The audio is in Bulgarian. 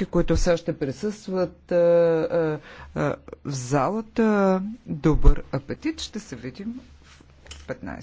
всички, които все още присъстват в залата. Добър апетит! Ще се видим в 15.